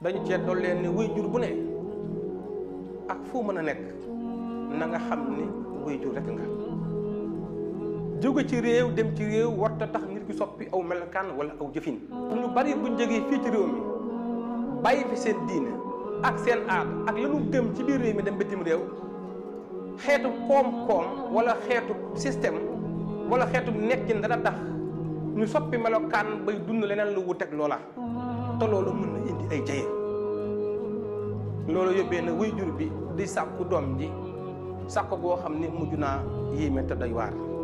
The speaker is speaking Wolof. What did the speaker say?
dañu cee dolleen ni way jur bu ne ak fu mën nek nekk na nga xam ni rek nga ci dem ci réew warta tax nit ki soppi aw melokaan wala aw jëfin ñu bari buñ jógee fii ci réew mi bàyyi fi seen diine ak seen aada ak la gëm ci biir mi dem bitim réew xeetu kom koom wala xeetu système wala xeetu nekkin dana tax ñu soppi melokaan bay dund leneen lu wuteeg loola te loolu mën na indi ay jaye loolu yóbbee na waajur bi di sàkku doom ji sàkk goo xam ni mujj naa yéeme te doy